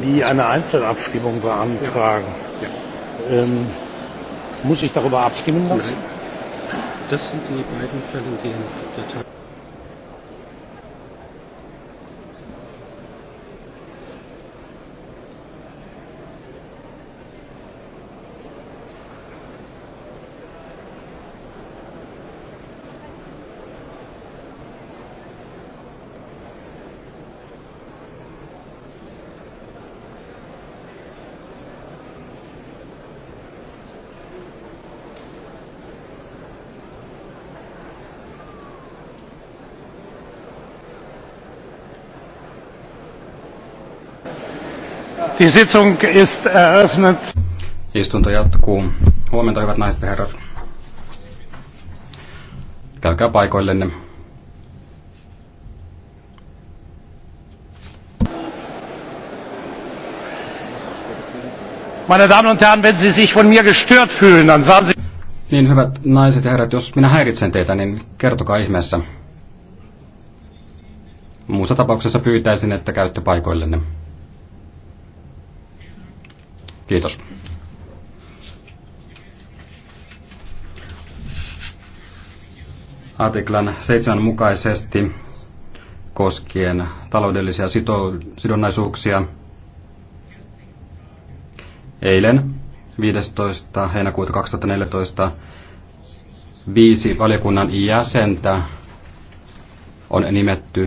die eine Einzelabstimmung beantragen. Ja. Ja. Ähm, muss ich darüber abstimmen lassen? Nein. Das sind die beiden Fälle, die in der Tat. Die Sitzung ist eröffnet. Istunto jatkuu. Huomenta, hyvät naiset ja herrat. Käykää paikoillenne. Meine Damen und Herren, wenn Sie sich von mir gestört fühlen, dann sagen Sie... Niin, hyvät naiset ja herrat, jos minä häiritsen teitä, niin kertokaa ihmeessä. Muussa tapauksessa pyytäisin, että käytte paikoillenne. Kiitos. Artiklan 7 mukaisesti koskien taloudellisia sidonnaisuuksia. Eilen 15. heinäkuuta 2014 viisi valiokunnan jäsentä on nimetty